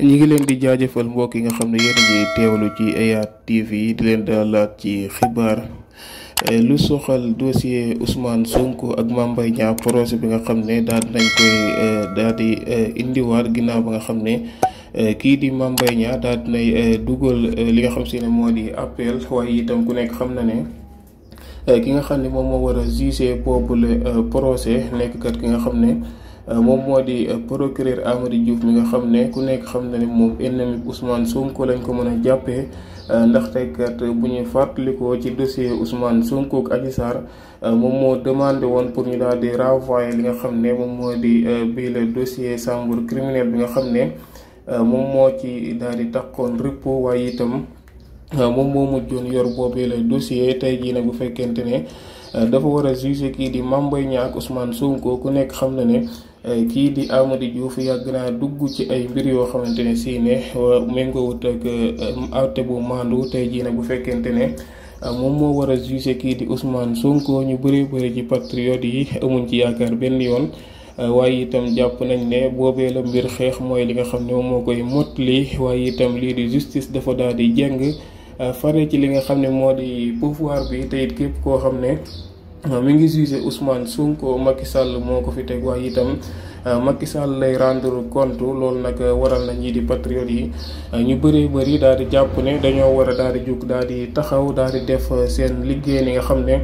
ñu ngi leen di jaajëfal mbokk yi nga xam ne yéen a ngi teewlu ci Hayaat TV di leen dalalaat ci xibaar eh, lu soxal dossier Ousmane Sonko ak Mame Mbaye Niang procès bi nga xam ne daal nañ koy eh, daal di eh, indiwaat ginnaaw ba nga xam ne kii di Mame Mbaye Niang dinay dugal li nga xam si ne moo di appel waaye itam ku nekk xam na ne ki nga xam ne moom moo war a juger boobu le procès nekk kat ki nga xam ne. Euh, moom moo di euh, procureur Amady Diouf bi nga xam ne ku nekk xam na ne moom ennemi Ousmane Sonko lañ ko mën a jàppee ndax euh, ndaxte kat bu ñu fàttalikoo ci dossier Ousmane Sonko ak Adji moom moo demandé woon pour ñu daal di renvoyer li nga xam ne moom moo di bii le dossier chambre bi nga xam ne moom moo ci daal di takkoon repos itam moom moo mujjoon yor boobee le tey jii nag bu fekkente ne dafa war a juger kii di Mame Mbaye Niang ak Ousmane Sonko ku nekk xam na ne. Eh, kii di Amady Diouf yàgg naa dugg ci ay mbir yoo xamante ne sii ne méngoowut ak eh, àtte bu maandu tey jii bu fekkente ne eh, moom moo war a jugé kii di Ousmane Sonko ñu bëree bëri ci patriote yi amuñ ci yaakaar benn yoon. waaye itam jàpp nañ ne boobee la mbir xeex mooy li nga xam ne moom moo koy mottali waaye itam lii di justice dafa daal di jeng fare ci li nga xam ne moo di pouvoir bi te it képp koo xam ne. mi ngi jugé Ousmane Sonko Macky Sall moo ko fi teg wax itam Euh, Macky Sall lay rendre compte loolu nag waral na ñii di patriote yi euh, ñu bëree bëri daal di jàpp ne dañoo war a daal di jug daal di taxaw daal di def euh, seen liggéey ni nga xam ne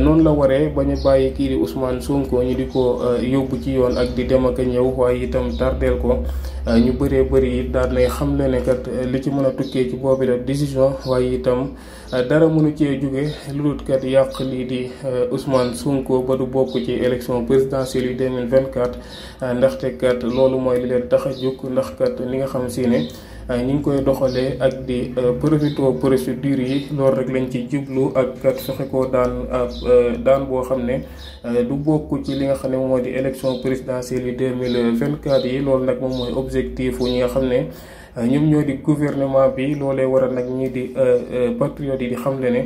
noonu la waree bañ a bàyyi kii di Ousmane sunko ñu di ko yóbbu ci yoon ak di dem ak ñëw waaye itam tardeel ko ñu bëree bëri it daal lay xam ne kat li ci mën a tukkee ci boobu la décision waaye itam dara mënu cee jóge lu dul yàq lii di Ousmane sunko ba du bokk ci élection présidentielle yu 2024 Euh, ndaxte kat loolu mooy li leen tax a jóg ndax kat li nga xam si ne euh, ñi ngi koy doxalee ak di euh, profito procédure yi loolu rek lañ ci jublu ak kat fexe ko daan daan boo xam ne du bokku ci li nga xam ne moo di élection présidentielle yi 2024 yi loolu nag moom mooy objectif ñi nga xam ne ñoom ñoo di gouvernement bi loolee waral nag ñii di euh, euh, patriote yi di xamle ne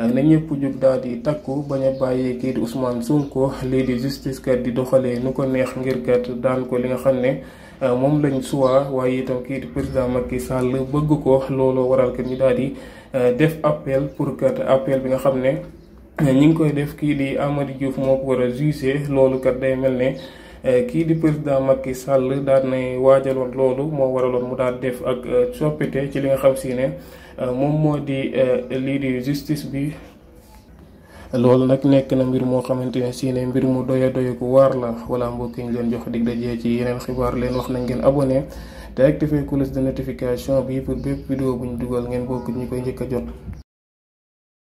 euh, na ñëpp jóg daal di takku bañ a bàyyi kii di Ousmane ko lii di justice kat di doxalee nu ko neex ngir kat daan ko li nga xam ne moom lañ suwa waaye itam kii di président Macky Sall bëgg ko looloo waral kat ñu daal di def appel pour kat appel bi nga xam ne ñi ngi koy def kii di Amady Diouf moo ko war a jugé loolu kat day mel ne. Eh, kii di président Macky Sall daal nay waajaloon loolu moo waraloon mu daal def ak eh, soppite ci li nga xam si ne eh, moom moo di lii di justice bi. loolu nag nekk na mbir moo xamante ne si ne mbir mu doya doya ku waar la wala mbokk yi ñu leen jox dig dajee ci yeneen xibaar leen wax na ngeen abonné te activer cloche de notification bi pour bépp vidéo bu ñu dugal ngeen bokk ñu koy njëkk a jot.